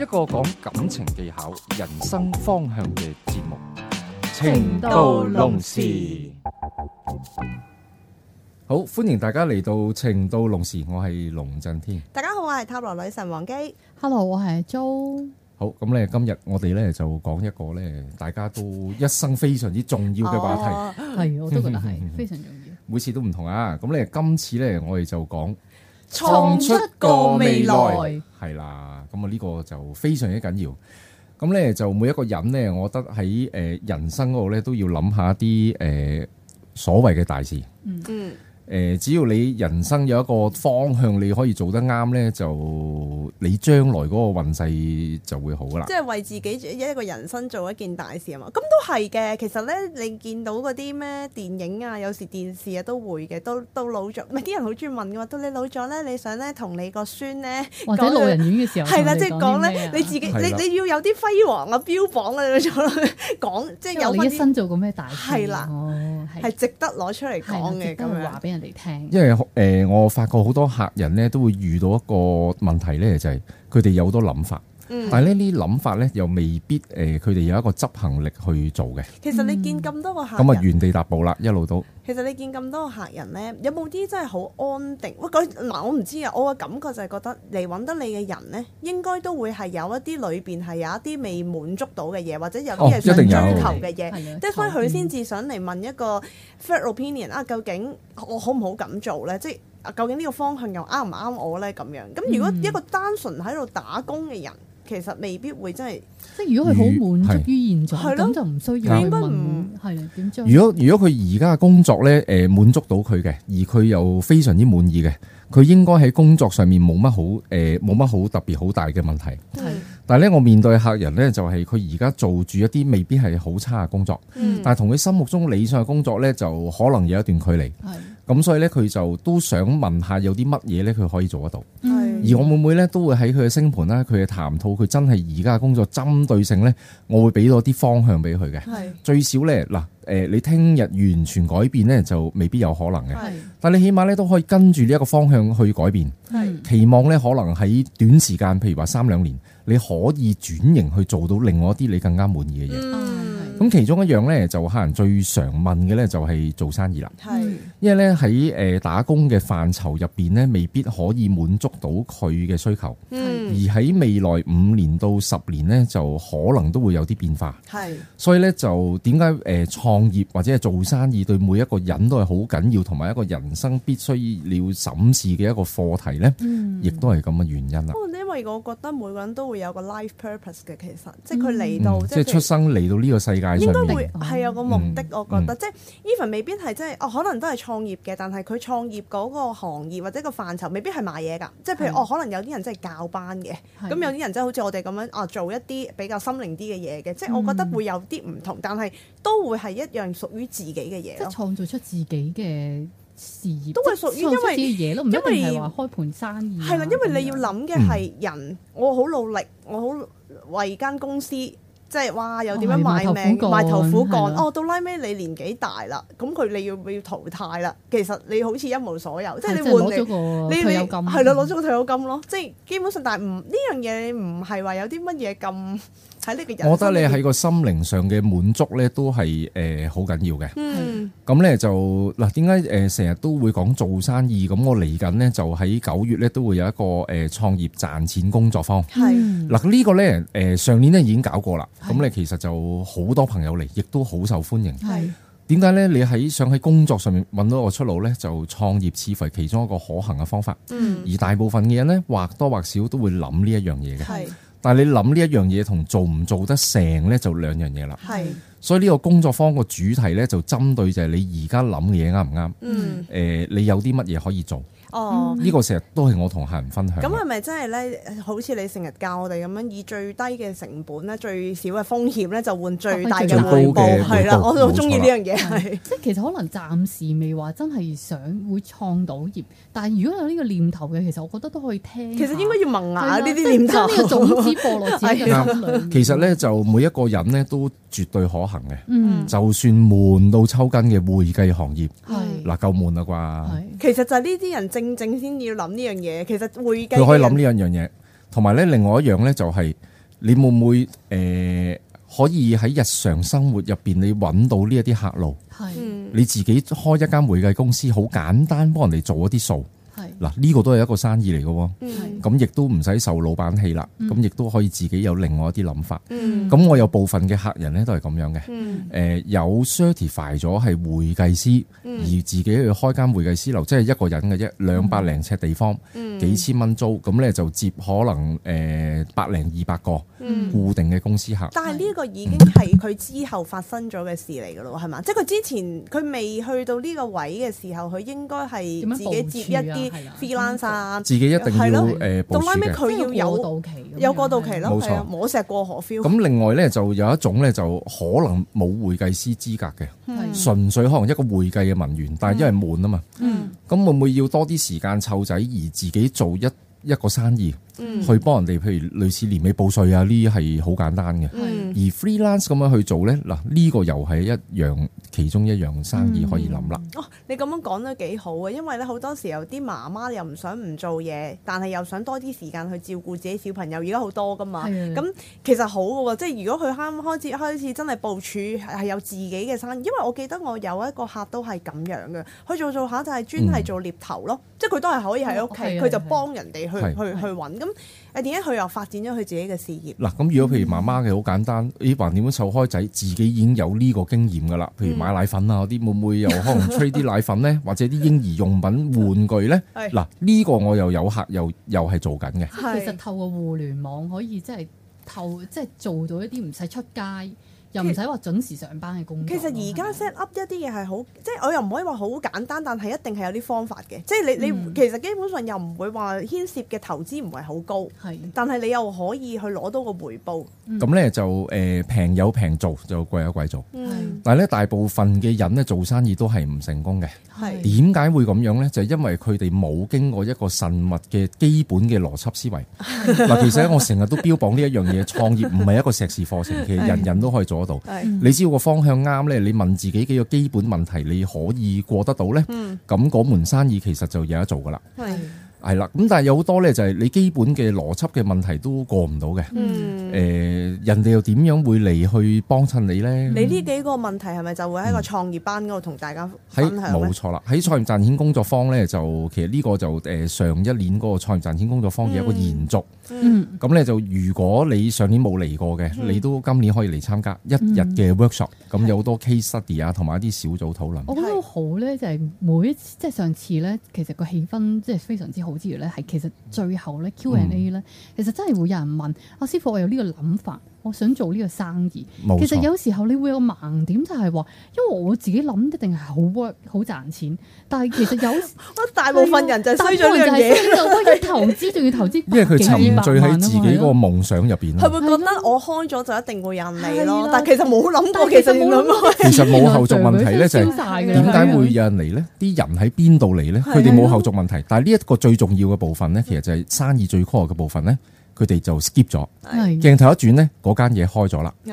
一個講感情技巧、人生方向嘅節目《情到濃時》龍時，好歡迎大家嚟到《情到濃時》，我係龍震天。大家好，我係塔羅女神王姬。Hello，我係 Jo。好，咁咧今日我哋咧就講一個咧，大家都一生非常之重要嘅話題。係、哦，我都覺得係 非常重要。每次都唔同啊，咁咧今次咧我哋就講創出個未來。係啦。咁啊呢個就非常之緊要，咁咧就每一個人咧，我覺得喺誒人生嗰度咧都要諗下啲誒所謂嘅大事。嗯。嗯。誒，只要你人生有一個方向，你可以做得啱咧，就你將來嗰個運勢就會好啦。即係為自己一一個人生做一件大事啊嘛，咁都係嘅。其實咧，你見到嗰啲咩電影啊，有時電視啊都會嘅，都都老咗，唔係啲人好鍾意問嘅話，到你老咗咧，你想咧同你個孫咧，或者老人院嘅時候，係啦的，說即係講咧，麼你自己的你你要有啲輝煌啊，標榜啊，咁樣去講，即係有。你一生做過咩大事？係啦。係值得攞出嚟講嘅，咁樣話俾人哋聽。因為誒，我發覺好多客人咧都會遇到一個問題咧，就係佢哋有好多諗法，嗯、但係呢啲諗法咧又未必誒，佢哋有一個執行力去做嘅。嗯、其實你見咁多個客人，咁啊原地踏步啦，一路都。其實你見咁多客人呢，有冇啲真係好安定？喂，嗱，我唔知啊，我嘅感覺就係覺得嚟揾得你嘅人呢，應該都會係有一啲裏邊係有一啲未滿足到嘅嘢，或者有啲係想追求嘅嘢，即係、哦、所以佢先至想嚟問一個 fair opinion 啊，究竟我好唔好咁做呢？即係究竟呢個方向又啱唔啱我呢？咁樣咁如果一個單純喺度打工嘅人。其實未必會真係，即係如果佢好滿足於現在，咁的就唔需要問。係啊，點將？如果如果佢而家嘅工作咧，誒、呃、滿足到佢嘅，而佢又非常之滿意嘅，佢應該喺工作上面冇乜好誒，冇乜好特別好大嘅問題。的但係咧，我面對客人咧，就係佢而家做住一啲未必係好差嘅工作，嗯、但係同佢心目中理想嘅工作咧，就可能有一段距離。係的。咁所以咧，佢就都想問下有啲乜嘢咧，佢可以做得到。而我妹妹咧，都會喺佢嘅星盤啦，佢嘅談吐，佢真係而家嘅工作針對性咧，我會俾多啲方向俾佢嘅。係，最少咧嗱。誒、呃，你聽日完全改變呢，就未必有可能嘅。是但你起碼咧都可以跟住呢一個方向去改變。期是望呢，可能喺短時間，譬如話三兩年，你可以轉型去做到另外一啲你更加滿意嘅嘢。嗯，咁其中一樣呢，就客人最常問嘅呢，就係、是、做生意啦。是因為呢，喺誒、呃、打工嘅範疇入邊呢，未必可以滿足到佢嘅需求。嗯、而喺未來五年到十年呢，就可能都會有啲變化。是是所以呢，所以就點解誒創？創業或者係做生意，對每一個人都係好緊要，同埋一個人生必須要審視嘅一個課題咧，亦都係咁嘅原因啦。因為我覺得每個人都會有個 life purpose 嘅，其實即係佢嚟到即係出生嚟到呢個世界，應該會係有個目的。我覺得即係 even 未必係即係哦，可能都係創業嘅，但係佢創業嗰個行業或者個範疇未必係賣嘢噶。即係譬如哦，可能有啲人真係教班嘅，咁有啲人真係好似我哋咁樣啊，做一啲比較心靈啲嘅嘢嘅。即係我覺得會有啲唔同，但係都會係一。一樣屬於自己嘅嘢，即係創造出自己嘅事業，都係屬於自己嘅嘢咯，唔為一定係話開盤生意，啊。係啦，因為你要諗嘅係人，嗯、我好努力，我好為間公司。即係哇！又點樣賣命埋頭苦幹哦？到拉尾你年紀大啦，咁佢你要要淘汰啦。其實你好似一無所有，即係你換咗個退休金，係咯攞咗個退休金咯。即係基本上，但係唔呢樣嘢唔係話有啲乜嘢咁喺呢個人。我覺得你喺個心靈上嘅滿足咧，都係誒好緊要嘅。嗯，咁咧就嗱點解誒成日都會講做生意咁？我嚟緊咧就喺九月咧都會有一個誒創業賺錢工作坊。係嗱呢個咧誒上年咧已經搞過啦。咁你其實就好多朋友嚟，亦都好受歡迎。係點解咧？你喺想喺工作上面揾到個出路咧，就創業似乎係其中一個可行嘅方法。嗯，而大部分嘅人咧，或多或少都會諗呢一樣嘢嘅。係是，但係你諗呢一樣嘢同做唔做得成咧，就兩樣嘢啦。係是，所以呢個工作坊個主題咧，就針對就係你而家諗嘅嘢啱唔啱？嗯，誒、呃，你有啲乜嘢可以做？哦，呢個成日都係我同客人分享。咁係咪真係咧？好似你成日教我哋咁樣，以最低嘅成本咧、最少嘅風險咧，就換最大嘅回報。係啦，我好鍾意呢樣嘢係。即係其實可能暫時未話真係想會創到業，但係如果有呢個念頭嘅，其實我覺得都可以聽。其實應該要萌芽呢啲念頭，真要種子播落自己嘅心裏面。其實咧，就每一個人咧都絕對可行嘅。就算悶到抽筋嘅會計行業，嗱，夠悶啦啩。其實就呢啲人。正正先要諗呢樣嘢，其實會計佢可以諗呢樣嘢，同埋咧，另外一樣咧就係、是、你會唔會誒、呃，可以喺日常生活入邊你揾到呢一啲客路，係的你自己開一間會計公司，好簡單幫人哋做一啲數。嗱，呢個都係一個生意嚟嘅喎，咁亦都唔使受老闆氣啦，咁亦都可以自己有另外一啲諗法。咁我有部分嘅客人咧都係咁樣嘅，誒有 certify 咗係會計師，而自己去開間會計師樓即係一個人嘅啫，兩百零尺地方，幾千蚊租，咁咧就接可能誒百零二百個固定嘅公司客。但係呢個已經係佢之後發生咗嘅事嚟嘅咯，係嘛？即係佢之前佢未去到呢個位嘅時候，佢應該係自己接一啲。freelancer 自己一定要誒保底嘅，到拉尾佢要有到期，有過渡期咯，冇的錯，摸石過河 feel。咁另外咧就有一種咧就可能冇會計師資格嘅，嗯、純粹可能一個會計嘅文員。嗯、但係因為悶啊嘛，咁、嗯、會唔會要多啲時間湊仔而自己做一一個生意？嗯、去幫人哋，譬如類似年尾報稅啊，呢啲係好簡單嘅。嗯、而 freelance 咁樣去做呢，嗱、呢、呢個又係一樣其中一樣生意可以諗啦、嗯。哦，你咁樣講得幾好啊，因為咧好多時候啲媽媽又唔想唔做嘢，但係又想多啲時間去照顧自己小朋友，而家好多㗎嘛。咁的其實好嘅喎，即係如果佢啱開始開始真係部署係有自己嘅生意，因為我記得我有一個客都係咁樣嘅，佢做一做下就係專係做獵頭咯，嗯、即係佢都係可以喺屋企，佢、哦 okay, 就幫人哋去去去揾咁，誒，點解佢又發展咗佢自己嘅事業？嗱、啊，咁如果譬如媽媽嘅好簡單，咦、嗯，還點樣湊開仔？自己已經有呢個經驗噶啦，譬如買奶粉啦，啲會唔會又可能吹啲奶粉咧， 或者啲嬰兒用品玩具咧？嗱 是，呢、啊這個我又有客又又係做緊嘅。是其實透過互聯網可以真係透，即係做到一啲唔使出街。又唔使話準時上班嘅工。其實而家 set up 一啲嘢係好，即係我又唔可以話好簡單，但係一定係有啲方法嘅。即係你你其實基本上又唔會話牽涉嘅投資唔係好高，係，但係你又可以去攞到個回報。咁咧就誒平有平做，就貴有貴做。嗯，但係咧大部分嘅人咧做生意都係唔成功嘅。係點解會咁樣咧？就因為佢哋冇經過一個慎密嘅基本嘅邏輯思維。嗱，其實我成日都標榜呢一樣嘢，創業唔係一個碩士課程，其實人人都可以做。度，嗯、你知個方向啱呢，你問自己幾個基本問題，你可以過得到呢，咁嗰門生意其實就有得做噶啦。嗯嗯係啦，咁但係有好多咧，就係你基本嘅邏輯嘅問題都過唔到嘅。嗯。呃、人哋又點樣會嚟去幫襯你咧？你呢你幾個問題係咪就會喺個創業班嗰度同大家分享冇、嗯、錯啦，喺創業賺錢工作坊咧就其實呢個就誒、呃、上一年嗰個創業賺錢工作坊嘅一個延續。嗯。咁、嗯、咧就如果你上年冇嚟過嘅，嗯、你都今年可以嚟參加一日嘅 workshop，咁、嗯、有好多 case study 啊，同埋一啲小組討論。是我覺得好咧，就係、是、每一次即係上次咧，其實個氣氛真係非常之好。好之餘咧，係其實最後咧 Q&A 咧，A，其實真係會有人問啊，師傅，我有呢個諗法。我想做呢個生意，其實有時候你會有個盲點，就係話，因為我自己諗一定係好 work 好賺錢，但係其實有大部分人就係衰咗呢樣嘢，投資仲要投資。因為佢沉醉喺自己個夢想入邊，佢會覺得我開咗就一定會有人嚟咯。但其實冇諗過，其實冇諗過，其實冇後續問題咧，就係點解會有人嚟咧？啲人喺邊度嚟咧？佢哋冇後續問題，但係呢一個最重要嘅部分咧，其實就係生意最 core 嘅部分咧。佢哋就 skip 咗，鏡的頭一轉咧，嗰間嘢開咗啦。的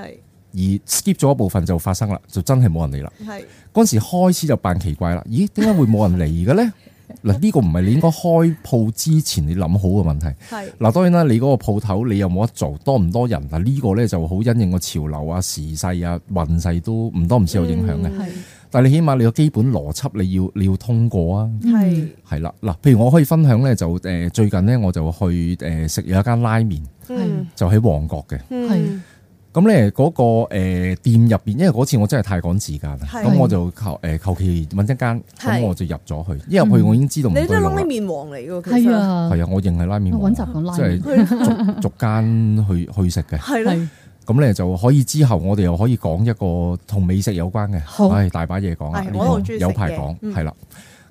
而 skip 咗一部分就發生啦，就真係冇人嚟啦。係嗰的時開始就扮奇怪啦，咦？點解會冇人嚟嘅咧？嗱，呢個唔係你應該開鋪之前你諗好嘅問題。係嗱的，當然啦，你嗰個鋪頭你有冇得做，多唔多人嗱？呢個咧就好因應個潮流啊、時勢啊、運勢都唔多唔少有影響嘅。嗯。但你起碼你個基本邏輯你要你要通過啊，係係啦嗱，譬如我可以分享咧，就誒最近咧我就去誒食有一間拉麵，就喺旺角嘅。咁咧嗰個誒店入邊，因為嗰次我真係太趕時間啦，咁我就求誒求其揾一間，咁我就入咗去，一入去我已經知道唔同係掹麵王嚟㗎，係啊係啊，我認係拉麵王即係逐逐間去去食嘅，係咁咧就可以，之後我哋又可以講一個同美食有關嘅，好唉，大把嘢講，有排講，係啦。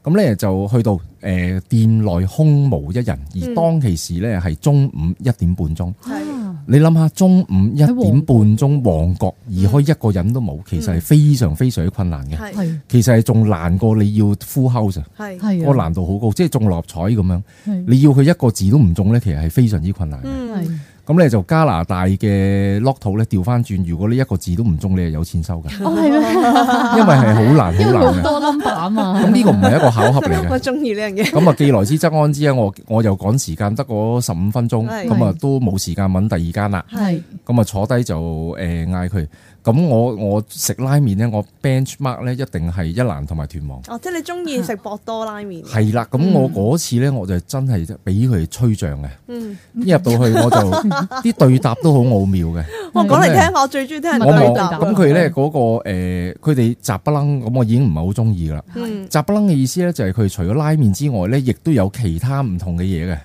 咁咧、嗯、就去到誒、呃、店內空無一人，而當其時咧係中午一點半鐘。嗯、你諗下，中午一點半鐘旺角而開一個人都冇，其實係非常非常之困難嘅。嗯嗯、其實係仲難過你要呼號啫，係個難度好高，即係中六合彩咁樣，是你要佢一個字都唔中咧，其實係非常之困難嘅。嗯嗯咁你就加拿大嘅 lotto 咧，掉返轉，如果你一個字都唔中，你就有錢收㗎。哦，係啊，因為係好難，好難，好難。咁呢個唔係一個巧合嚟嘅，我中意呢樣嘢。咁啊，既來之則安之啊！我我又趕時間，得嗰十五分鐘，咁啊都冇時間揾第二間啦。係，咁啊坐低就誒嗌佢。咁我我食拉麵咧，我 bench mark 咧一定係一蘭同埋豚王。哦，即係你中意食博多拉麵？係啦，咁我嗰次咧，我就真係俾佢吹漲嘅。嗯，一入到去，我就啲對答都好奧妙嘅。我講嚟聽下，我最中意聽人對答。咁佢咧嗰個誒，佢哋雜不楞咁，我已經唔係好中意啦。雜不楞嘅意思咧，就係佢除咗拉麵之外咧，亦都有其他唔同嘅嘢嘅。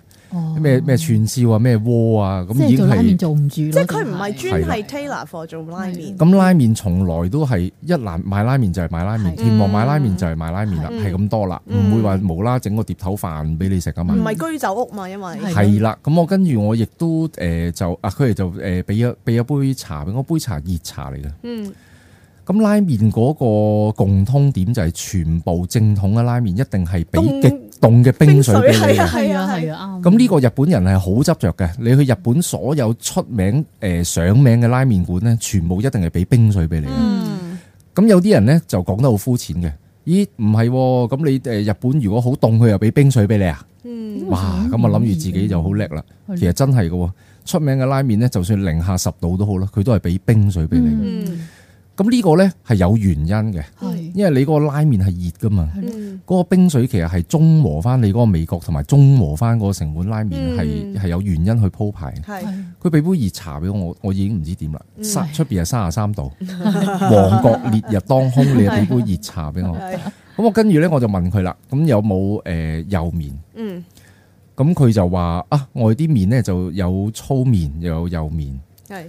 咩咩串燒啊，咩鍋啊，咁已經係。即係做唔住即係佢唔係專係 Taylor 貨做拉麵。咁拉麵從來都係一蘭買拉麵就係買拉麵，希望買拉麵就係買拉麵啦，係咁多啦，唔會話冇啦整個碟頭飯俾你食啊嘛。唔係居酒屋嘛，因為係啦。咁我跟住我亦都誒就啊，佢哋就誒俾一俾一杯茶俾我，杯茶熱茶嚟嘅。嗯。咁拉麵嗰個共通點就係全部正統嘅拉麵一定係俾極凍嘅冰水俾你，係啊係啊咁呢、啊啊啊、個日本人係好執着嘅。你去日本所有出名誒、呃、上名嘅拉麵館咧，全部一定係俾冰水俾你。咁、嗯、有啲人咧就講得好膚淺嘅，咦唔係咁你誒日本如果好凍佢又俾冰水俾你啊？嗯、哇咁啊諗住自己就好叻啦。嗯嗯、其實真係嘅，的出名嘅拉麵咧，就算零下十度都好啦，佢都係俾冰水俾你。嗯嗯。咁呢個咧係有原因嘅，因為你嗰個拉麵係熱噶嘛，嗰的個冰水其實係中和翻你嗰個味覺，同埋中和翻嗰個成碗拉麵係係有原因去鋪排。佢俾的杯熱茶俾我，我已經唔知點啦。出邊係三十三度，旺角的烈日當空，你又俾杯熱茶俾我？咁我的跟住咧，我就問佢啦，咁有冇誒幼麵？呃、嗯，咁佢就話啊，我啲麵咧就有粗麵，又有幼麵。係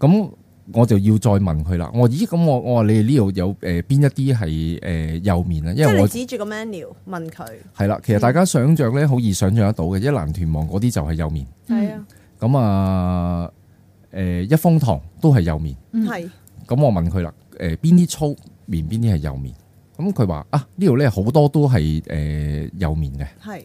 咁的。我就要再問佢啦。我咦，咁我我話，你哋呢度有誒邊、呃、一啲係誒幼麵啊，因為我指住個 menu 問佢係啦。嗯、其實大家想象咧好易想象得到嘅，一蘭團王嗰啲就係幼麵係啊。咁啊誒一風堂都係幼麵，嗯係。咁我問佢啦，誒邊啲粗麵，邊啲係幼麵？咁佢話啊，呢度咧好多都係誒幼麵嘅，係。的是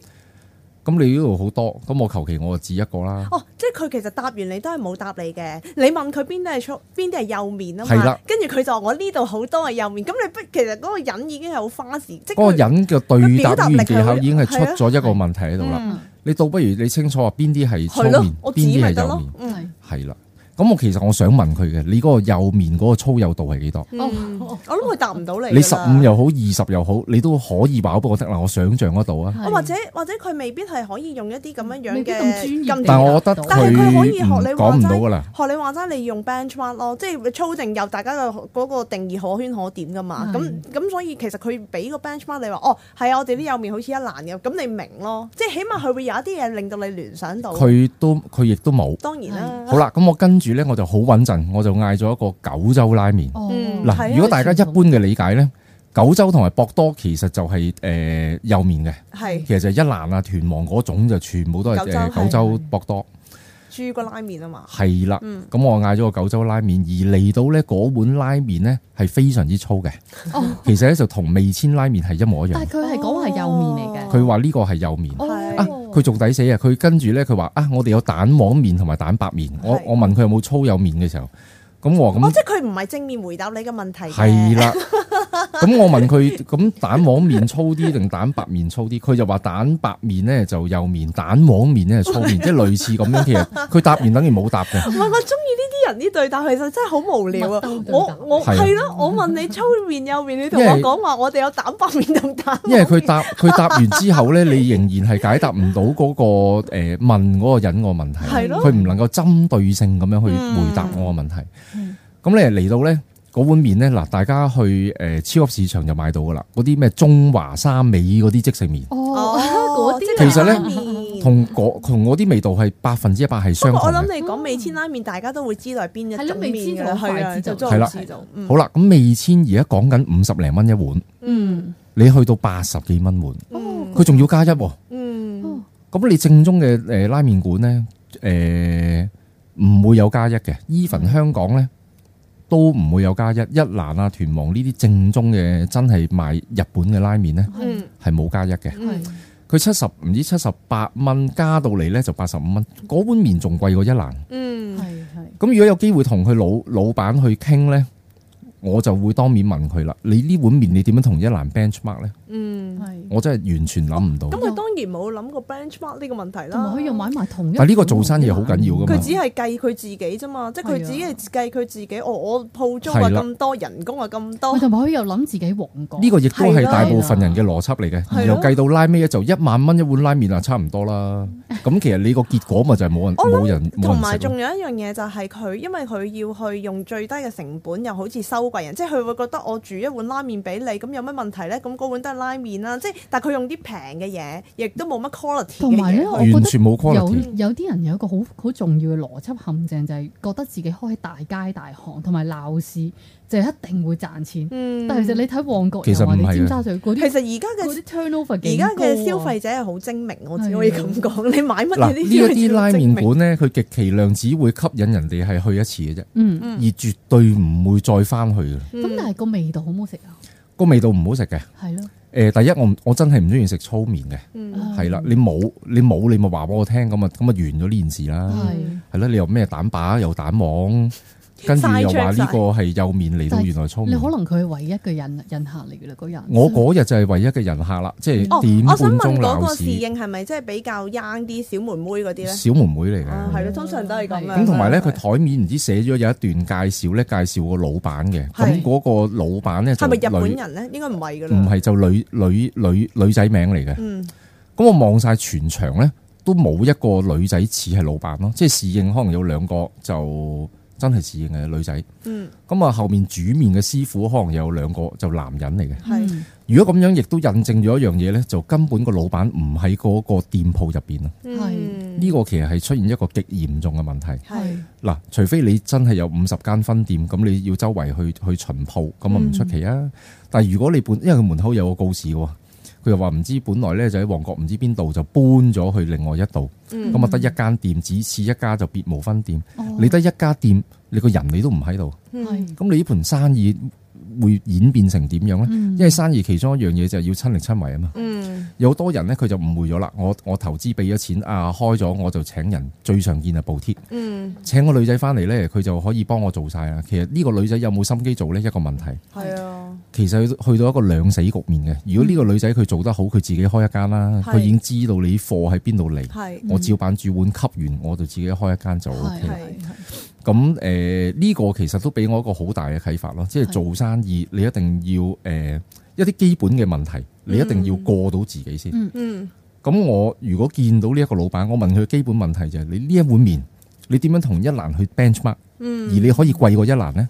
咁你呢度好多，咁我求其我就指一個啦。哦，即係佢其實答完你都係冇答你嘅。你問佢邊啲係左，邊啲係右面啊嘛？係啦的，跟住佢就話我呢度好多係右面，咁你不其實嗰個人已經係好花時，即嗰個人嘅對答技巧已經係出咗一個問題喺度啦。嗯、你倒不如你清楚邊啲係左面，邊啲係右面，係係啦。的咁我其實我想問佢嘅，你嗰個右面嗰個粗幼度係幾多？我諗佢答唔到你。你十五又好，二十又好，你都可以話我得啦，我想像得到啊。或者或者佢未必係可以用一啲咁樣樣嘅，但係我覺得但係佢可以學你講唔到㗎啦。學你話齋，你用 benchmark 咯，即係粗定幼，大家嘅嗰個定義可圈可點㗎嘛？咁咁所以其實佢俾個 benchmark 你話，哦係啊，我哋啲右面好似一欄嘅，咁你明咯，即係起碼佢會有一啲嘢令到你聯想到。佢都佢亦都冇。當然啦。好啦，咁我跟住。咧我就好穩陣，我就嗌咗一個九州拉麵。嗱、嗯，如果大家一般嘅理解咧，九州同埋博多其實就係誒幼麵嘅，係是其實就一蘭啊、豚王嗰種就全部都係九,九州博多豬骨拉麵啊嘛。係啦了，咁、嗯、我嗌咗個九州拉麵，而嚟到咧嗰碗拉麵咧係非常之粗嘅，哦、其實咧就同味千拉麵係一模一樣。但係佢係講係幼麵嚟嘅，佢話呢個係幼麵。哦佢仲抵死啊！佢跟住咧，佢話啊，我哋有蛋黃麵同埋蛋白麵的。我我問佢有冇粗有麵嘅時候，咁我咁，即係佢唔係正面回答你嘅問題。係啦的，咁 我問佢咁蛋黃麵粗啲定蛋白麵粗啲？佢就話蛋白麵咧就幼麵，蛋黃麵咧係粗麵，的即係類似咁樣其實佢答完等於冇答嘅。唔係我中意呢。啲對答其實真係好無聊啊！我我係咯，我問你粗麵幼麵，你同我講話，為我哋有蛋白，白面，咁蛋。因為佢答佢答完之後咧， 你仍然係解答唔到嗰個誒問嗰個引我問題。咯的，佢唔能夠針對性咁樣去回答我個問題。咁、嗯、你嚟到咧嗰碗麵咧嗱，大家去誒超級市場就買到噶啦，嗰啲咩中華三味嗰啲即食麵。哦，啲、哦、其實咧。嗯同嗰同啲味道係百分之一百係相同。我諗你講味千拉麵，大家都會知道係邊一味麵嘅係啊，就中式就。好啦，咁味千而家講緊五十零蚊一碗。嗯。你去到八十幾蚊碗，佢仲要加一。嗯。咁你正宗嘅誒拉麵館咧，誒唔會有加一嘅。伊 v 香港咧都唔會有加一。一蘭啊、團王呢啲正宗嘅真係賣日本嘅拉麵咧，係冇加一嘅。佢七十唔知七十八蚊加到嚟咧就八十五蚊，嗰碗麵仲貴過一蘭。嗯，咁如果有機會同佢老老闆去傾咧？我就會當面問佢啦，你呢碗麵你點樣同一蘭 benchmark 咧？嗯，我真係完全諗唔到。咁佢當然冇諗過 benchmark 呢個問題啦，佢又買埋同一。但呢個做生意好緊要㗎嘛。佢只係計佢自己啫嘛，即係佢只係計佢自己。我我鋪租啊咁多，人工啊咁多，同埋佢又諗自己旺角。呢個亦都係大部分人嘅邏輯嚟嘅，然後計到拉尾就一萬蚊一碗拉麵啊，差唔多啦。咁其實你個結果咪就係冇人冇人。同埋仲有一樣嘢就係佢，因為佢要去用最低嘅成本，又好似收。即係佢會覺得我煮一碗拉麵俾你，咁有乜問題呢？咁嗰碗都係拉麵啦，即係但係佢用啲平嘅嘢，亦都冇乜 quality 嘅嘢。同埋呢，我覺得完全冇 quality。有啲人有一個好好重要嘅邏輯陷阱，就係覺得自己開大街大巷，同埋鬧市。就一定會賺錢，但其實你睇旺角、其實唔係，尖沙咀其實而家嘅 turnover，而家嘅消費者係好精明，我只可以咁講，你買乜嘢啲？嗱呢一啲拉麵館咧，佢極其量只會吸引人哋係去一次嘅啫，而絕對唔會再翻去嘅。咁但係個味道好唔好食啊？個味道唔好食嘅，係咯。誒，第一我我真係唔中意食粗麵嘅，係啦。你冇你冇，你咪話俾我聽，咁啊咁啊，完咗呢件事啦，係係啦。你又咩蛋白又蛋黃？跟住又話呢個係右麵嚟到，原來粗。你可能佢唯一嘅人人客嚟嘅啦，嗰日我嗰日就係唯一嘅人客啦，嗯、即係點半、哦、我想問嗰個侍應係咪即係比較 young 啲小妹妹嗰啲咧？小妹妹嚟嘅，係、啊、通常都係咁樣。咁同埋咧，佢台面唔知寫咗有一段介紹咧，介紹個老闆嘅。咁嗰個老闆咧就係咪日本人咧？應該唔係㗎啦，唔係就女女女女仔名嚟嘅。嗯，咁我望晒全場咧，都冇一個女仔似係老闆咯，即係侍應可能有兩個就。真係似嘅女仔，咁啊、嗯、後面煮麵嘅師傅可能有兩個就男人嚟嘅。係是，如果咁樣亦都印證咗一樣嘢咧，就根本個老闆唔喺嗰個店鋪入邊啊。係是，呢個其實係出現一個極嚴重嘅問題。係是，嗱，除非你真係有五十間分店，咁你要周圍去去巡鋪，咁啊唔出奇啊。嗯、但係如果你本因為佢門口有個告示喎，佢又話唔知本來咧就喺旺角唔知邊度就搬咗去另外一度，咁啊得一間店，嗯、只此一家就別無分店，你得一家店。你個人你都唔喺度，咁、嗯、你呢盤生意會演變成點樣呢？嗯、因為生意其中一樣嘢就係要親力親為啊嘛。嗯、有好多人呢，佢就誤會咗啦，我我投資俾咗錢啊，開咗我就請人，最常見嘅補貼。嗯、請個女仔翻嚟呢，佢就可以幫我做晒啦。其實呢個女仔有冇心機做呢？一個問題。係啊，其實去到一個兩死局面嘅。如果呢個女仔佢做得好，佢自己開一間啦，佢、嗯、已經知道你貨喺邊度嚟。是我照板煮碗吸完，我就自己開一間就 O、OK, K 是咁誒呢個其實都俾我一個好大嘅啟發咯，即係做生意你一定要誒一啲基本嘅問題，你一定要過到自己先。嗯，嗯嗯，咁我如果見到呢一個老闆，我問佢基本問題就係你呢一碗麵。你點樣同一蘭去 benchmark？而你可以貴過一蘭咧？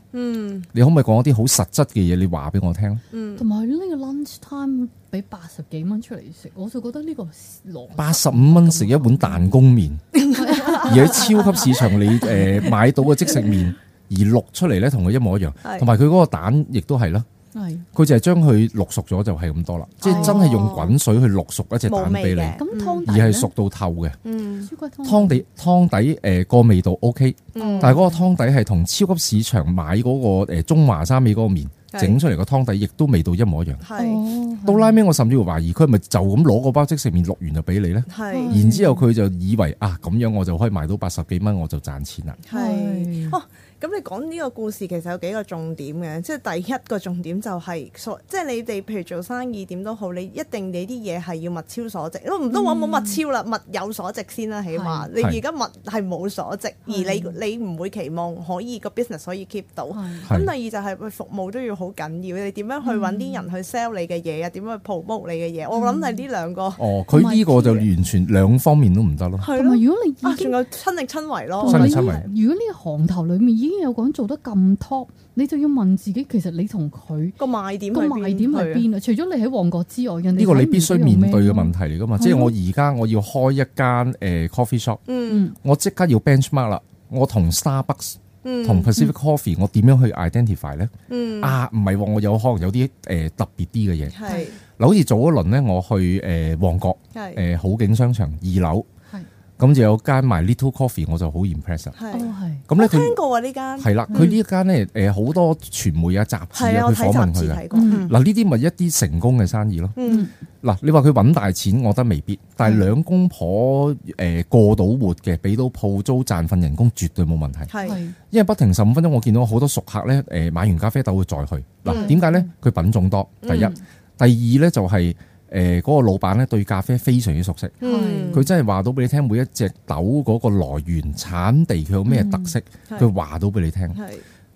你可唔可以講一啲好實質嘅嘢？你話俾我聽啦。同埋呢個 lunch time 俾八十幾蚊出嚟食，我就覺得呢個攞八十五蚊食一碗蛋公麵， 而喺超級市場你誒買到嘅即食麵，而淥出嚟咧同佢一模一樣，同埋佢嗰個蛋亦都係啦。係，佢就係將佢落熟咗就係咁多啦，即係真係用滾水去落熟一隻蛋俾你，而係熟到透嘅。嗯，湯底湯底誒個味道 OK，但係嗰個湯底係同超級市場買嗰個誒中華三味嗰個麵整出嚟個湯底，亦都味道一模一樣。係，到拉尾我甚至懷疑佢咪就咁攞個包即食麵落完就俾你咧。係，然之後佢就以為啊咁樣我就可以賣到八十幾蚊，我就賺錢啦。係，哦。咁你講呢個故事其實有幾個重點嘅，即係第一個重點就係、是、所，即係你哋譬如做生意點都好，你一定你啲嘢係要物超所值，都唔通話冇物超啦，物有所值先啦，起碼是你而家物係冇所值，是而你你唔會期望可以個 business 可以 keep 到。咁是第二就係服務都要好緊要，你點樣去揾啲人去 sell 你嘅嘢啊？點、嗯、樣去 promote 你嘅嘢？我諗係呢兩個。嗯、哦，佢呢個就完全兩方面都唔得咯。係咯，如果你仲有親力親為咯，親力親為。如果呢個行頭裡面竟然有講做得咁 top，你就要問自己，其實你同佢個賣點個賣點喺邊啊？是的 除咗你喺旺角之外，呢個你必須面對嘅問題嚟㗎嘛？嗯、即係我而家我要開一間誒 coffee shop，我即刻要 benchmark 啦，我同 Starbucks、同、嗯、Pacific Coffee，我點樣去 identify 咧？嗯、啊，唔係喎，我有可能有啲誒、呃、特別啲嘅嘢。係嗱，好似早一輪咧，我去誒、呃、旺角，誒、呃、好、呃、景商場二樓。二樓二樓咁就有間賣 Little Coffee，我就好 impression。係，咁咧我聽過啊呢間。係啦，佢呢間咧誒好多傳媒啊雜誌啊去訪問佢嘅。嗱呢啲咪一啲成功嘅生意咯。嗯。嗱，你話佢揾大錢，我覺得未必。但係兩公婆誒過到活嘅，俾到鋪租賺份人工，絕對冇問題。係。因為不停十五分鐘，我見到好多熟客咧誒買完咖啡豆會再去。嗱，點解咧？佢品種多，第一，第二咧就係。誒嗰、呃那個老闆咧對咖啡非常之熟悉，佢是真係話到俾你聽，每一隻豆嗰個來源產地佢有咩特色，佢話到俾你聽。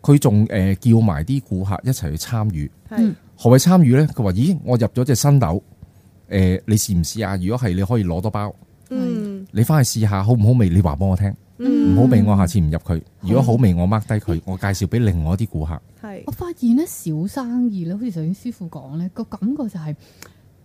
佢仲誒叫埋啲顧客一齊去參與。是何謂參與咧？佢話：咦，我入咗隻新豆，誒、呃，你試唔試啊？如果係，你可以攞多包。是是你翻去試下，好唔好味？你話幫我聽。唔、嗯、好味，我下次唔入佢。如果好，好味，我 mark 低佢，我介紹俾另外一啲顧客。是是我發現呢小生意咧，好似頭先師傅講咧，那個感覺就係、是。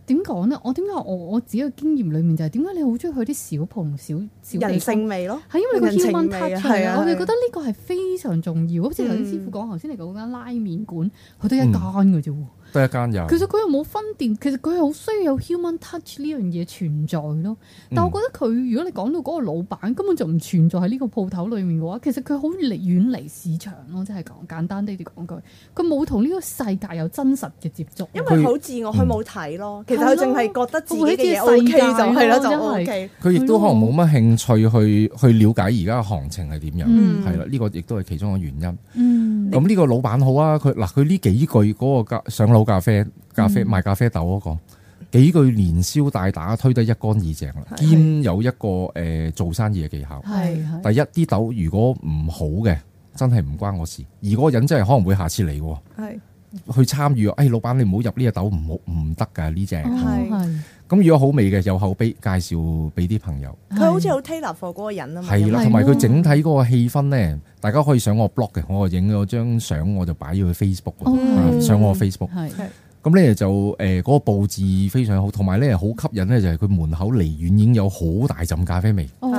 點講咧？我點解我我自己嘅經驗裏面就係，點解你好鍾意去啲小鋪、小小地方？人性味咯，係因為你個 human touch 啊，我哋覺得呢個係非常重要。好似頭先師傅講，頭先你講間拉麵館，佢都一間嘅啫喎。嗯都一間有，其實佢又冇分店，其實佢係好需要有 human touch 呢樣嘢存在咯。嗯、但我覺得佢，如果你講到嗰個老闆根本就唔存在喺呢個鋪頭裏面嘅話，其實佢好離遠離市場咯，即係講簡單啲啲講句，佢冇同呢個世界有真實嘅接觸，因為好自我，佢冇睇咯。嗯、其實佢淨係覺得自己嘅嘢 OK 就係、係、啦，嗯、就 OK、係。佢亦都可能冇乜興趣去去了解而家嘅行情係點樣，係啦、嗯，呢、呢個亦都係其中嘅原因。嗯咁呢個老闆好啊，佢嗱佢呢幾句嗰個咖上樓咖啡，咖啡、嗯、賣咖啡豆嗰、那個，幾句連消帶打推得一乾二淨兼有一個誒、呃、做生意嘅技巧。係，是第一啲豆如果唔好嘅，真係唔關我事。而嗰個人真係可能會下次嚟。係。去參與啊、哎！老闆你唔好入呢一竇，唔好唔得㗎呢隻。係咁、哦哦、如果好味嘅有口碑，介紹俾啲朋友。佢是好似好 taste 貨嗰個人啊嘛。係啦是，同埋佢整體嗰個氣氛咧，的大家可以上我 blog 嘅，我影咗張相，我就擺咗去 Facebook。哦。上我 Facebook。係咁咧就誒嗰個佈置非常好，同埋咧好吸引咧，就係佢門口離遠已經有好大陣咖啡味。哦。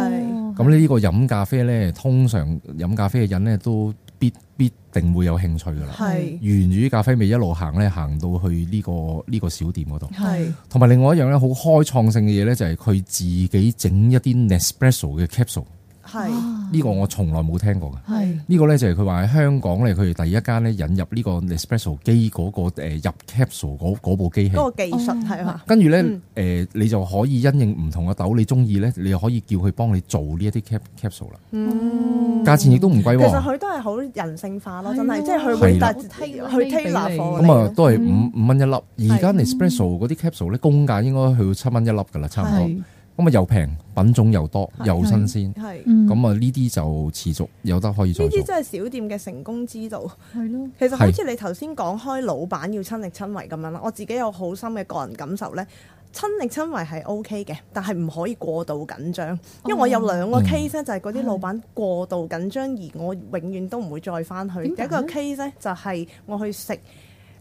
咁咧呢個飲咖啡咧，通常飲咖啡嘅人咧都必必，必定會有興趣㗎喇，沿住啲咖啡味一路行咧，行到去、呢個、呢個呢、呢個小店嗰度，同埋是另外一樣咧，好開創性嘅嘢咧，就係佢自己整一啲 Nespresso 嘅 capsule。係呢個我從來冇聽過嘅，呢個咧就係佢話喺香港咧，佢哋第一間咧引入呢個 Nespresso 機嗰個入 capsule 嗰部機器。嗰個技術係嘛？跟住咧誒，你就可以因應唔同嘅豆，你中意咧，你又可以叫佢幫你做呢一啲 caps capsule 啦。嗯，價錢亦都唔貴喎。其實佢都係好人性化咯，真係，即係佢去 tailor 貨。咁啊，都係五五蚊一粒。而家 Nespresso 嗰啲 capsule 咧，工價應該去到七蚊一粒㗎啦，差唔多。咁啊又平，品種又多，又新鮮。係，咁啊呢啲就持續有得可以做。呢啲真係小店嘅成功之道。係咯，其實好似你頭先講開，老闆要親力親為咁樣啦。是的 我自己有好深嘅個人感受咧，親力親為係 OK 嘅，但係唔可以過度緊張。因為我有兩個 case 咧，就係嗰啲老闆過度緊張，而我永遠都唔會再翻去。第一個 case 咧，就係我去食。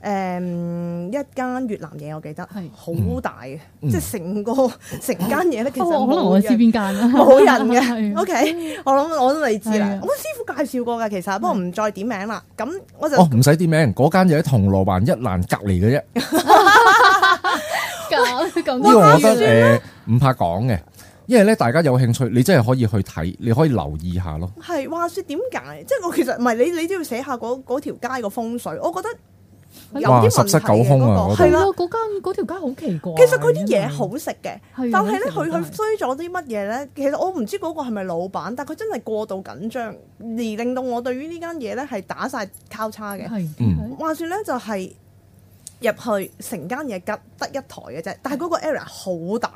誒，一間越南嘢，我記得好大嘅，即係成個成間嘢咧。其實可能我知邊間冇人嘅。OK，我諗我都未知啦。我師傅介紹過噶，其實不過唔再點名啦。咁我就唔使點名，嗰間嘢喺銅鑼灣一蘭隔籬嘅啫。咁呢個我覺得誒唔怕講嘅，因為咧大家有興趣，你真係可以去睇，你可以留意下咯。係話說點解？即係我其實唔係你，你都要寫下嗰嗰條街個風水。我覺得。有啲問題嘅嗰個，係啦，嗰間嗰條街好奇怪。其實佢啲嘢好食嘅，但係咧佢佢衰咗啲乜嘢咧？其實我唔知嗰個係咪老闆，但係佢真係過度緊張，而令到我對於呢間嘢咧係打晒交叉嘅。係，話説咧就係入去成間嘢吉得一台嘅啫，但係嗰個 area 好大，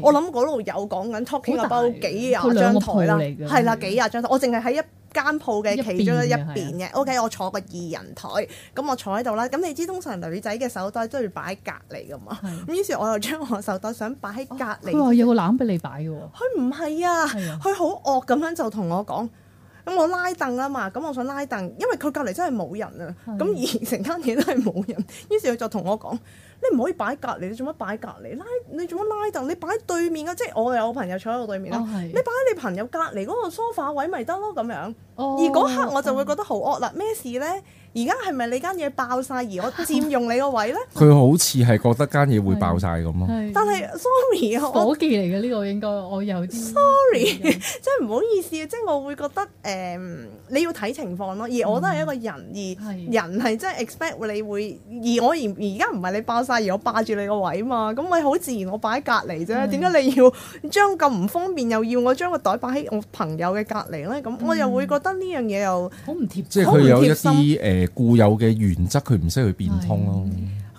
我諗嗰度有講緊 talking 包幾廿張台啦，係啦幾廿張台，我淨係喺一間鋪嘅其中一一邊嘅，OK，我坐個二人枱，咁我坐喺度啦。咁你知通常女仔嘅手袋都要擺喺隔離噶嘛，咁的於是我又將我手袋想擺喺隔離。哦、有個籃俾你擺嘅喎。佢唔係啊，佢好惡咁樣就同我講，咁我拉凳啊嘛，咁我想拉凳，因為佢隔離真係冇人啊，咁的而成單嘢都係冇人，於是佢就同我講。你唔可以擺隔離，你做乜擺隔離？拉你做乜拉凳？你擺對面啊！即係我有朋友坐喺我對面啦，哦、你擺喺你朋友隔離嗰個梳化位咪得咯？咁樣。哦、而嗰刻我就會覺得好惡啦！咩、嗯、事呢？而家係咪你間嘢爆晒，而我佔用你個位呢？佢 好似係覺得間嘢會爆晒咁咯。但係，sorry，我火機嚟嘅呢個應該我有 Sorry,。Sorry，即係唔好意思啊！即係我會覺得誒、嗯，你要睇情況咯。而我都係一個人，而人係即係 expect 你會，而我而家唔係你爆晒。而我霸住你個位嘛，咁咪好自然我擺喺隔離啫。點解、嗯、你要將咁唔方便又要我將個袋擺喺我朋友嘅隔離咧？咁我又會覺得呢樣嘢又好唔、嗯、貼，即係佢有一啲誒固有嘅原則，佢唔識去變通咯。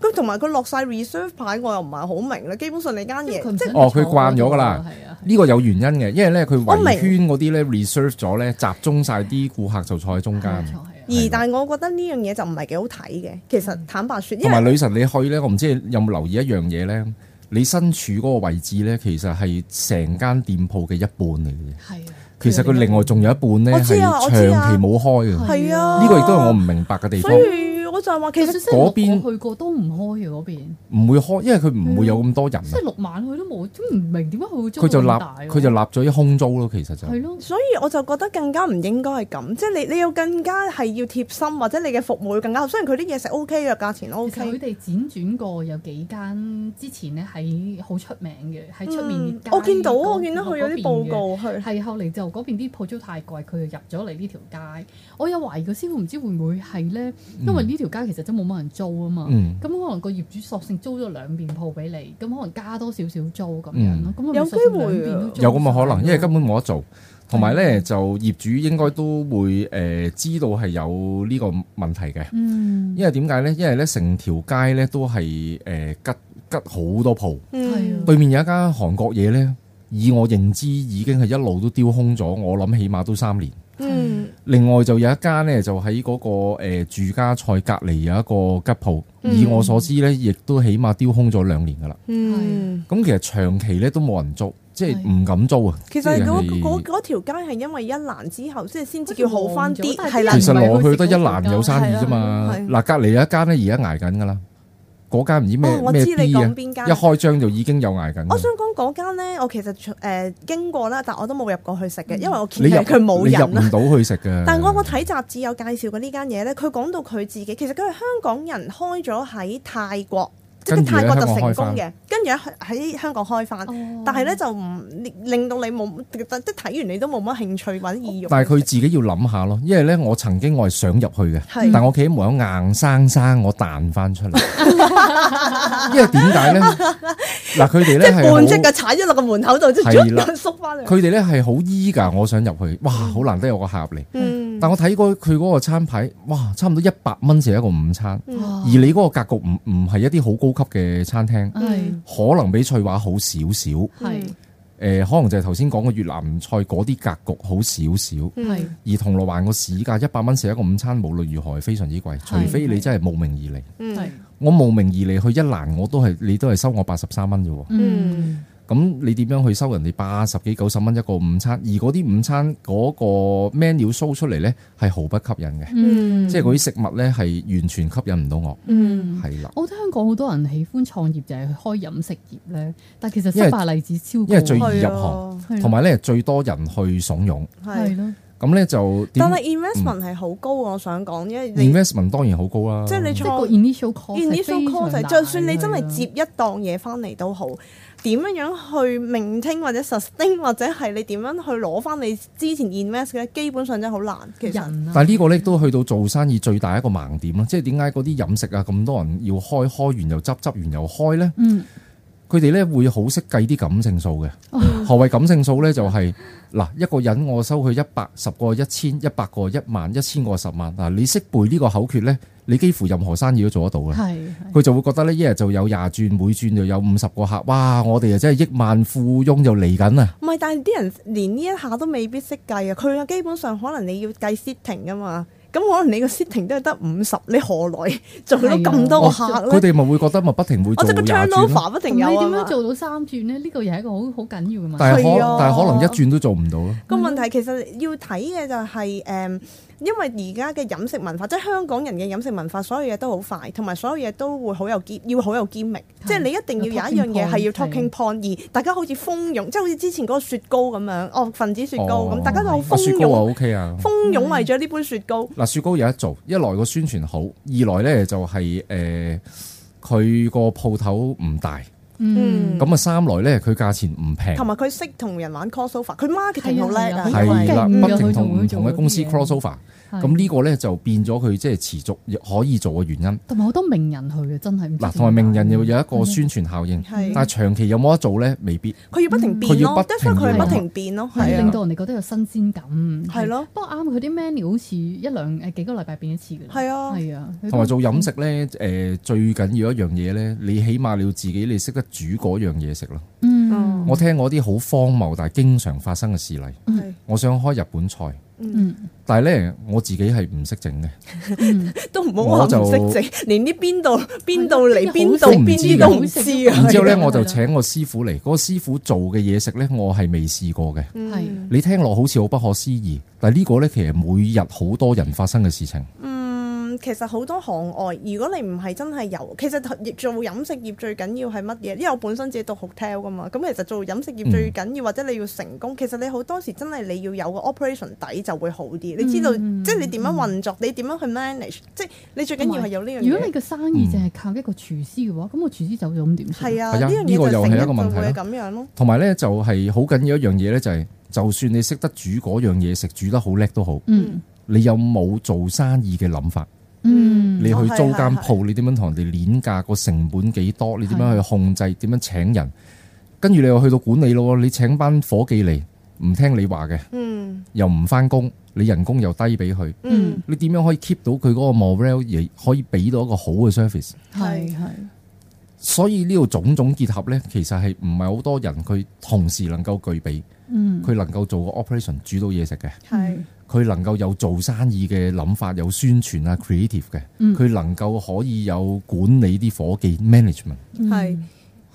咁同埋佢落晒 reserve 牌，我又唔係好明咧。基本上你間嘢即哦，佢慣咗噶啦。呢個有原因嘅，因為咧佢圍圈嗰啲咧 reserve 咗咧，集中晒啲顧客就坐喺中間。 而但係，我覺得呢樣嘢就唔係幾好睇嘅。其實坦白説，因為同埋女神，你去咧，我唔知你有冇留意一樣嘢咧。你身處嗰個位置咧，其實係成間店鋪嘅一半嚟嘅。係啊的，其實佢另外仲有一半咧係長期冇開嘅。係啊，呢個亦都係我唔明白嘅地方。我就係話其實嗰邊去過都唔開嘅嗰邊，唔會開，因為佢唔會有咁多人、啊。即係六晚佢都冇，都唔明點解佢就立佢就立咗啲空租咯，其實就係、是、咯。所以我就覺得更加唔應該係咁，即係你你，更要，你要更加係要貼心或者你嘅服務要更加好。雖然佢啲嘢食 OK 嘅，價錢 OK。佢哋輾轉過有幾間之前咧喺好出名嘅喺出面、嗯。我見到我見到佢有啲報告，係後嚟就嗰邊啲鋪租太貴，佢就入咗嚟呢條街。我有懷疑個師傅唔知會唔會係咧，因為呢條。條街其實真冇乜人租啊嘛，咁、嗯、可能個業主索性租咗兩面鋪俾你，咁可能加多少少租咁樣咯。咁我、嗯、兩面有咁嘅可能，因為根本冇得做，同埋咧就業主應該都會誒、呃、知道係有呢個問題嘅、嗯。因為點解咧？因為咧成條街咧都係誒吉吉好多鋪，係、嗯、對面有一間韓國嘢咧，以我認知已經係一路都丟空咗，我諗起碼都三年。嗯，另外就有一間咧，就喺嗰個誒住家菜隔籬有一個吉鋪，嗯、以我所知咧，亦都起碼丟空咗兩年噶啦。嗯，咁其實長期咧都冇人租，即係唔敢租啊。其實嗰嗰條街係因為一欄之後，即係先至叫好翻啲。係其實落去得一欄有生意啫嘛。嗱，隔籬有一間咧，而家捱緊噶啦。嗰間唔知咩咩啲啊！哦、我知你講邊間。一開張就已經有挨緊。我想講嗰間咧，我其實誒、呃、經過啦，但我都冇入過去食嘅，因為我見佢冇人入唔到去食嘅。 但係我我睇雜誌有介紹過呢間嘢咧，佢講到佢自己，其實佢係香港人開咗喺泰國。即係泰國就成功嘅，跟住喺香港開翻，開哦、但係咧就唔令到你冇即係睇完你都冇乜興趣或者意欲。但係佢自己要諗下咯，因為咧我曾經我係想入去嘅，的但我企喺門口硬生生我彈翻出嚟。 因為點解咧？ 嗱，佢哋咧，係半隻腳踩咗落個門口度，即係縮翻嚟。佢哋咧係好醫噶，我想入去，哇，好難得有個客入嚟。嗯，但我睇過佢嗰個餐牌，哇，差唔多一百蚊食一個午餐。哇而你嗰個格局唔唔係一啲好高級嘅餐廳，是可能比翠華好少少。係誒是、呃，可能就係頭先講嘅越南菜嗰啲格局好少少。是而銅鑼灣個市價一百蚊食一個午餐，無論如何非常之貴，除非你真係慕名而嚟。我慕名而嚟去一蘭，我都係你都係收我八十三蚊啫喎。嗯，咁你點樣去收人哋八十幾九十蚊一個午餐？而嗰啲午餐嗰個 menu show 出嚟咧，係毫不吸引嘅。嗯，即係嗰啲食物咧係完全吸引唔到我。嗯，係啦的。我覺得香港好多人喜歡創業就去開飲食業咧，但其實失敗例子超多。因為最易入行，同埋咧最多人去慫恿。係咯的。咁咧就，但係 investment 係好、嗯、高，我想講，因為 investment 當然好高啦、啊。即係你即個 initial cost，initial cost，就算你真係接一檔嘢翻嚟都好，點樣、啊、樣去明聽或者 sustain 或者係你點樣去攞翻你之前 invest 咧，基本上真係好難。其實，啊、但係呢個咧都去到做生意最大一個盲點咯。即係點解嗰啲飲食啊咁多人要開開完又執執完，完又開咧？嗯。佢哋咧會好識計啲感性數嘅，何為感性數咧？就係嗱，一個人我收佢一百十個一千一百個一萬一千個十萬嗱，你識背呢個口訣咧，你幾乎任何生意都做得到嘅。係，佢就會覺得咧，一日就有廿轉，每轉就有五十個客，哇！我哋啊真係億萬富翁就嚟緊啊！唔係，但係啲人連呢一下都未必識計啊！佢啊，基本上可能你要計 setting 㗎嘛。咁可能你個 setting 都係得五十，你何來做到咁多個客咧？佢哋咪會覺得咪不停會做嘢。我哋個 turnover 不停有。你點樣做到三轉咧？呢、呢個又係一個好好緊要嘅問題。但但係可能一轉都做唔到咯。個、嗯、問題其實要睇嘅就係、是、誒。嗯因為而家嘅飲食文化，即係香港人嘅飲食文化，所有嘢都好快，同埋所有嘢都會好有堅，要好有堅明是即係你一定要有一樣嘢係要 talking point，的而大家好似蜂擁，即係好似之前嗰個雪糕咁樣，哦，分子雪糕咁，哦、大家都好蜂擁啊 OK 啊，蜂擁為咗呢杯雪糕。嗱、嗯啊，雪糕有得做，一來個宣傳好，二來咧就係誒佢個鋪頭唔大。嗯，咁啊三來咧，佢價錢唔平，同埋佢識同人玩 crossover，佢 marketing 好叻啊，係啦，不停同唔同嘅公司 crossover，咁呢個咧就變咗佢即係持續可以做嘅原因。同埋好多名人去嘅，真係嗱，同埋名人又有一個宣傳效應，但係長期有冇得做咧，未必。佢要不停變咯，佢不停變咯，令到人哋覺得有新鮮感，係咯。不過啱佢啲 menu 好似一兩誒幾個禮拜變一次㗎，係啊，係啊。同埋做飲食咧，誒最緊要一樣嘢咧，你起碼你自己你識得。煮嗰樣嘢食咯，嗯、我聽嗰啲好荒謬，但係經常發生嘅事例。是我想開日本菜，嗯、但係咧我自己係唔識整嘅，嗯、 都唔好話唔識整。就連啲邊度邊度嚟邊度邊啲都唔知啊。嗯、然之後咧，我就請個師傅嚟，嗰、嗯、個師傅做嘅嘢食咧，我係未試過嘅。係你聽落好似好不可思議，但係呢個咧其實每日好多人發生嘅事情。嗯其實好多行外，如果你唔係真係有，其實做飲食業最緊要係乜嘢？因為我本身自己讀 hotel 噶嘛，咁其實做飲食業最緊要、嗯、或者你要成功，其實你好多時真係你要有個 operation 底就會好啲。你知道、嗯、即係你點樣運作，嗯、你點樣去 manage，即係你最緊要係有呢樣嘢。如果你個生意淨係靠一個廚師嘅話，咁個、嗯、廚師就咁點算？係啊，呢、啊、樣嘢就係一個問題咁樣咯。同埋咧就係好緊要一樣嘢咧，就係就算你識得煮嗰樣嘢食，煮得好叻都好，嗯、你有冇做生意嘅諗法？嗯，mm. 你去租間鋪，你點樣同人哋鏈價個成本幾多？你點樣去控制？點樣請人？跟住你又去到管理咯，你請班伙計嚟唔聽你話嘅，嗯，mm. 又唔翻工，你人工又低俾佢，嗯，mm. 你點樣可以 keep 到佢嗰個 morale 亦可以俾到一個好嘅 service？係係，所以呢度種種結合咧，其實係唔係好多人佢同時能夠具備，佢、mm. 能夠做個 operation 煮到嘢食嘅，係。佢能夠有做生意嘅諗法，有宣傳啊 creative 嘅，佢能夠可以有管理啲伙計 management。係。嗯。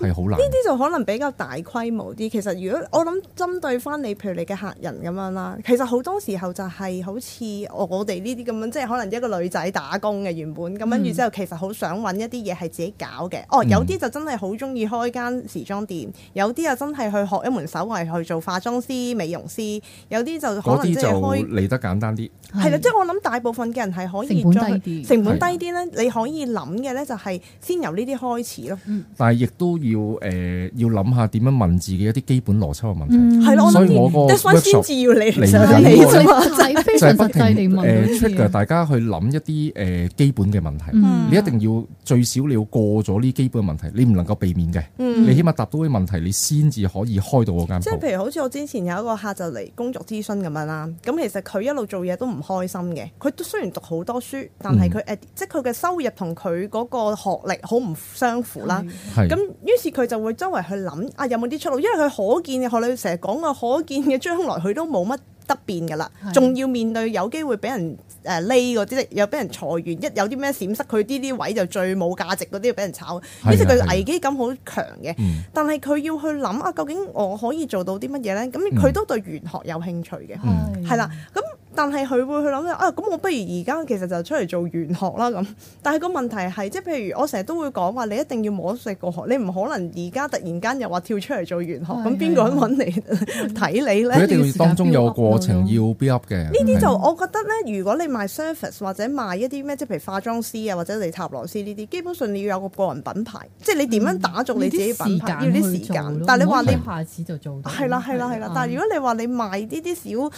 呢啲就可能比較大規模啲。其實如果我諗針對翻你，譬如你嘅客人咁樣啦，其實好多時候就係好似我哋呢啲咁樣，即係可能一個女仔打工嘅原本咁樣，嗯、然之後其實好想揾一啲嘢係自己搞嘅。嗯、哦，有啲就真係好中意開間時裝店，有啲啊真係去學一門手藝去做化妝師、美容師，有啲就可能開，嗰啲就嚟得簡單啲。係啦，即係我諗大部分嘅人係可以成本低啲，成本低啲咧，的你可以諗嘅呢就係先由呢啲開始咯。嗯、但係亦都。要誒要諗下點樣問自己一啲基本邏輯嘅問題，係咯，所以我個 workshop 嘅理念就係不停誒 trigger 大家去諗一啲誒基本嘅問題，你一定要最少你要過咗呢基本嘅問題，你唔能夠避免嘅。你起碼答到啲問題，你先至可以開到嗰間。即係譬如好似我之前有一個客就嚟工作諮詢咁樣啦，咁其實佢一路做嘢都唔開心嘅，佢雖然讀好多書，但係佢誒即係佢嘅收入同佢嗰個學歷好唔相符啦，咁於。佢就會周圍去諗啊，有冇啲出路？因為佢可見學你成日講嘅可見嘅將來，佢都冇乜得變噶啦，仲要面對有機會俾人誒 lay 嗰啲，又俾人裁員，一有啲咩閃失，佢啲啲位就最冇價值嗰啲俾人炒。於是佢危機感好強嘅，但係佢要去諗啊，究竟我可以做到啲乜嘢咧？咁佢都對玄學有興趣嘅，係啦，咁。但係佢會去諗啊！咁我不如而家其實就出嚟做玄學啦咁。但係個問題係，即係譬如我成日都會講話，你一定要摸食個學，你唔可能而家突然間又話跳出嚟做玄學，咁邊個肯揾你睇你咧？佢一定要當中有過程要 build 嘅。呢啲就我覺得咧，如果你賣 service 或者賣一啲咩，即係譬如化妝師啊，或者你塔羅師呢啲，基本上你要有個個人品牌，即係你點樣打造你自己品牌，要啲時間。但係你話你一下子就做，係啦係啦係啦。但係如果你話你賣呢啲小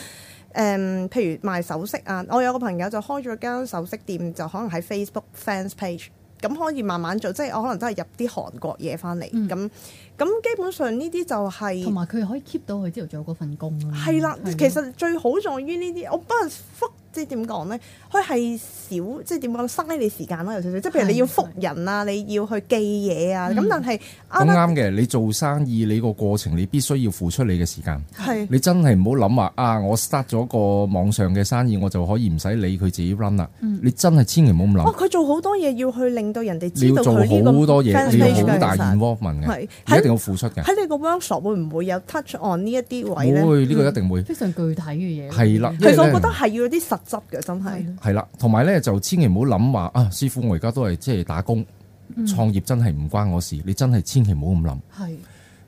誒，um, 譬如賣首飾啊，我有個朋友就開咗間首飾店，就可能喺 Facebook fans page，咁可以慢慢做，即係我可能真係入啲韓國嘢翻嚟，咁咁、嗯、基本上呢啲就係同埋佢可以 keep 到佢朝早做嗰份工啦。係啦的，的其實最好在於呢啲，我不。即係點講咧？佢係少即係點講？嘥你時間咯，有少少。即係譬如你要覆人啊，你要去寄嘢啊。咁但係啱啱嘅，你做生意你個過程你必須要付出你嘅時間。係。你真係唔好諗話啊！啊，我 set 咗個網上嘅生意，我就可以唔使理佢自己 run 啦。你真係千祈唔好咁諗。佢做好多嘢要去令到人哋知道佢呢咁多嘢係好大 involvement 嘅，一定要付出嘅。喺你個 workspace 會唔會有 touch on 呢一啲位咧？會，呢個一定會。非常具體嘅嘢。係啦。其實我覺得係要啲實。執嘅真係係啦，同埋咧就千祈唔好諗話啊，師傅我而家都係即係打工創、嗯、業，真係唔關我事。你真係千祈唔好咁諗。係誒是、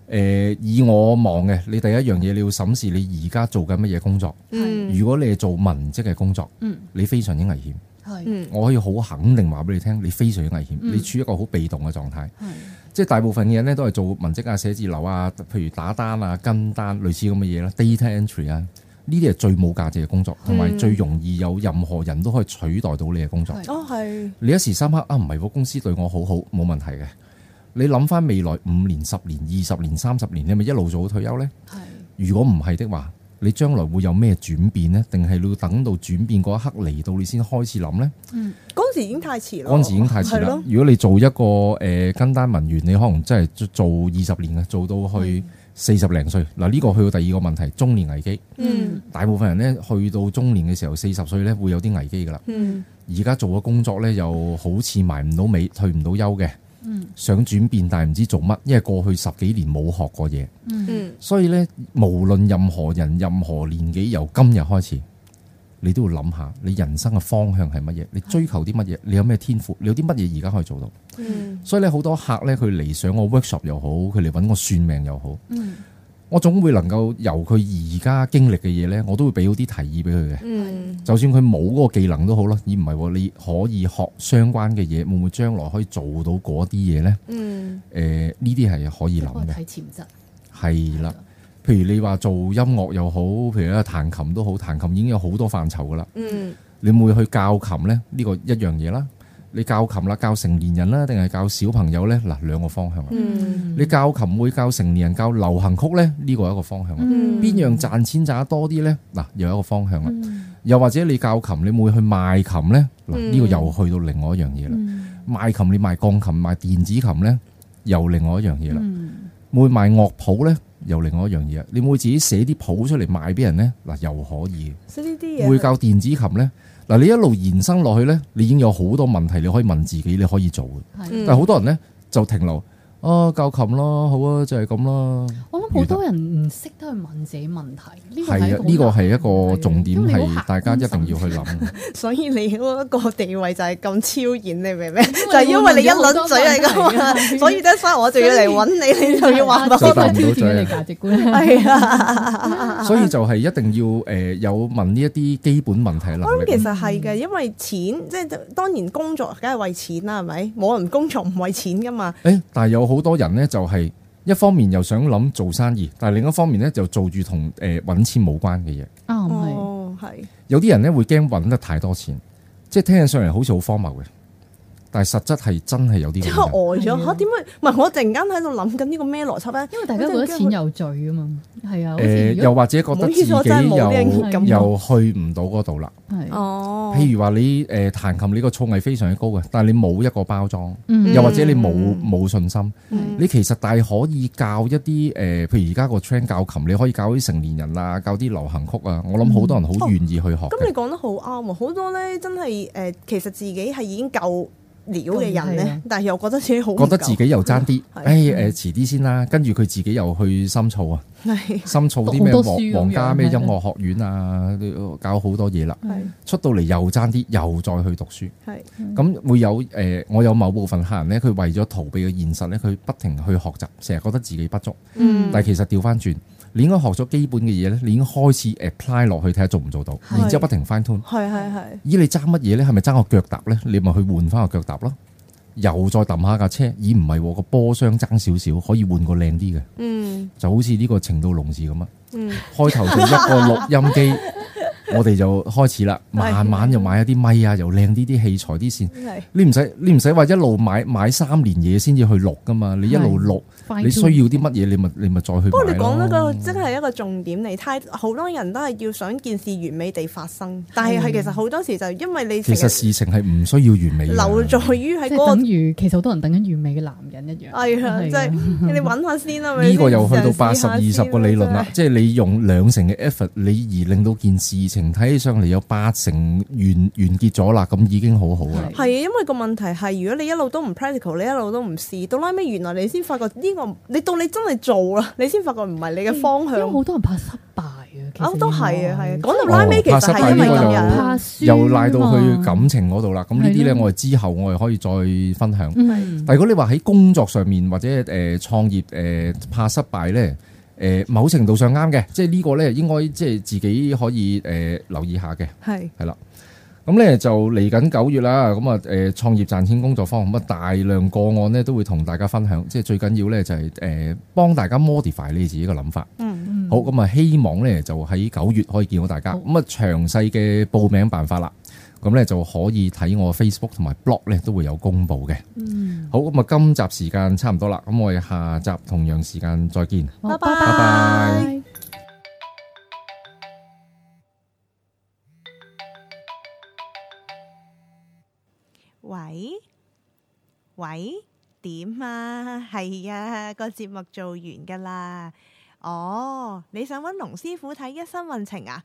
呃，以我望嘅，你第一樣嘢你要審視你而家做緊乜嘢工作。是如果你係做文職嘅工作，你非常之危險。係、嗯，我可以好肯定話俾你聽，你非常之危險，你處於一個好被動嘅狀態。是是即係大部分嘅人咧都係做文職啊、寫字樓啊，譬如打單啊、跟單類似咁嘅嘢啦，data entry 啊。呢啲係最冇價值嘅工作，同埋、嗯、最容易有任何人都可以取代到你嘅工作。哦的，係。你一時三刻啊，唔係個公司對我好好，冇問題嘅。你諗翻未來五年、十年、二十年、三十年，你咪一路做到退休呢？的如果唔係的話，你將來會有咩轉變呢？定係你要等到轉變嗰一刻嚟到，你先開始諗呢？嗯，嗰時已經太遲啦。嗰時已經太遲啦。的如果你做一個誒跟單文員，你可能真係做二十年啊，做到去。嗯四十零歲嗱，呢個去到第二個問題，中年危機。嗯，大部分人呢，去到中年嘅時候，四十歲呢，會有啲危機噶啦。嗯，而家做嘅工作呢，又好似埋唔到尾，退唔到休嘅。嗯，想轉變但係唔知做乜，因為過去十幾年冇學過嘢。嗯，所以呢，無論任何人，任何年紀，由今日開始。你都要諗下，你人生嘅方向係乜嘢？你追求啲乜嘢？你有咩天賦？你有啲乜嘢而家可以做到？嗯、所以咧，好多客咧，佢嚟上我 workshop 又好，佢嚟揾我算命又好，嗯、我總會能夠由佢而家經歷嘅嘢咧，我都會俾好啲提議俾佢嘅。嗯、就算佢冇嗰個技能都好啦，而唔係你可以學相關嘅嘢，會唔會將來可以做到嗰啲嘢咧？誒、嗯，呢啲係可以諗嘅，睇潛質。係啦。了譬如你話做音樂又好，譬如咧彈琴都好，彈琴已經有好多範疇噶啦。嗯，你會去教琴咧？呢個一樣嘢啦。你教琴啦，教成年人啦，定係教小朋友咧？嗱，兩個方向。嗯，你教琴會教成年人教流行曲咧？呢個係一個方向。嗯，邊樣賺錢賺得多啲咧？嗱，又一個方向啦。嗯，又或者你教琴，你會去賣琴咧？嗱，呢個又去到另外一樣嘢啦。嗯，嗯，賣琴你賣鋼琴、賣電子琴咧，又另外一樣嘢啦。會賣樂譜咧，又另外一樣嘢。你會自己寫啲譜出嚟賣俾人咧，嗱，又可以。寫呢啲嘢。會教電子琴咧，嗱呢你一路延伸落去咧，你已經有好多問題你可以問自己，你可以做嘅。係。但係好多人咧就停留。哦，教琴咯，好啊，就係咁咯。我諗好多人唔識得去問自己問題，呢個係一個重點，係大家一定要去諗。所以你嗰一個地位就係咁超然，你明唔明？就係因為你一輪嘴嚟噶，所以得，所以我就要嚟揾你，你就要話我。就達唔到最嘅價值觀。係啊，所以就係一定要誒有問呢一啲基本問題能力。我諗其實係嘅，因為錢即係當然工作梗係為錢啦，係咪？冇人工作唔為錢噶嘛。誒，但係有好多人呢就係一方面又想諗做生意，但係另一方面呢就做住同誒搵錢冇關嘅嘢啊，係、哦，哦、有啲人呢會驚搵得太多錢，即係聽起上嚟好似好荒謬嘅。但係實質係真係有啲，即係呆咗嚇？點、啊、解？唔係我突然間喺度諗緊呢個咩邏輯咧？因為大家覺得錢有罪啊嘛，係啊，誒又或者覺得自己又又去唔到嗰度啦，的哦。譬如話你誒、呃、彈琴，你個素質非常之高嘅，但係你冇一個包裝，又或者你冇冇信心，嗯嗯、你其實但係可以教一啲誒、呃，譬如而家個 train 教琴，你可以教啲成年人啊，教啲流行曲啊，我諗好多人好願意去學。咁、嗯哦、你講得好啱喎，好多咧真係誒，其實自己係已經夠。了嘅人咧，但係又覺得自己好，覺得自己又爭啲，哎誒、欸呃，遲啲先啦。跟住佢自己又去深造啊，的深造啲咩皇皇家咩音樂學院啊，的搞好多嘢啦。的出到嚟又爭啲，又再去讀書。係咁的會有誒、呃，我有某部分客人咧，佢為咗逃避嘅現實咧，佢不停去學習，成日覺得自己不足。嗯、但係其實調返轉。你應該學咗基本嘅嘢咧，你已經開始 apply 落去睇下做唔做到，是然之後不停翻 turn。係係係。咦？你爭乜嘢咧？係咪爭個腳踏咧？你咪去換翻個腳踏咯，又再揼下架車。咦？唔係個波箱爭少少，可以換個靚啲嘅。嗯，就好似呢個情到濃時咁啊。嗯，開頭就一個錄音機。 我哋就開始啦，慢慢又買一啲咪啊，又靚啲啲器材啲線的。你唔使你唔使話一路買買三年嘢先至去錄噶嘛，你一路錄，的你需要啲乜嘢你咪你咪再去。不過你講嗰、那個真係、就是、一個重點嚟，太多人都係要想件事完美地發生，的但係係其實好多時就因為你其實事情係唔需要完美，留在於喺嗰、那個。其實好多人等緊完美嘅男人一樣。係即係你揾下先啊。呢 個又去到八十二十個理論啦，是即係你用兩成嘅 effort，你而令到件事情。睇起上嚟有八成完完結咗啦，咁已經好好啦。係，因為個問題係，如果你一路都唔 practical，你一路都唔試，到拉尾原來你先發覺呢、呢個，你到你真係做啦，你先發覺唔係你嘅方向。好多人怕失敗啊，啊都係啊，係啊，講到拉尾其實係、哦、因為咁樣，怕又賴到去感情嗰度啦。咁呢啲咧，我哋之後我哋可以再分享。的但如果你話喺工作上面或者誒創、呃、業誒、呃、怕失敗咧。呢誒、呃，某程度上啱嘅，即係呢個咧，應該即係自己可以誒、呃、留意下嘅。係係啦，咁咧、嗯、就嚟緊九月啦，咁、嗯、啊，誒，創業賺錢工作坊，咁、嗯、啊大量個案咧都會同大家分享。即係最緊要咧就係、是、誒，幫、呃、大家 modify 你自己個諗法。嗯嗯。嗯好，咁、嗯、啊，希望咧就喺九月可以見到大家。咁啊好，詳細嘅報名辦法啦。咁咧就可以睇我 Facebook 同埋 blog 咧，都會有公布嘅。嗯，好，咁啊，今集時間差唔多啦，咁我哋下集同樣時間再見。拜拜拜拜。喂喂，點啊？係啊，個節目做完噶啦。哦，你想揾龍師傅睇一生運程啊？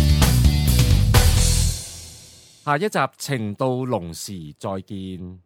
下一集情到濃時再見。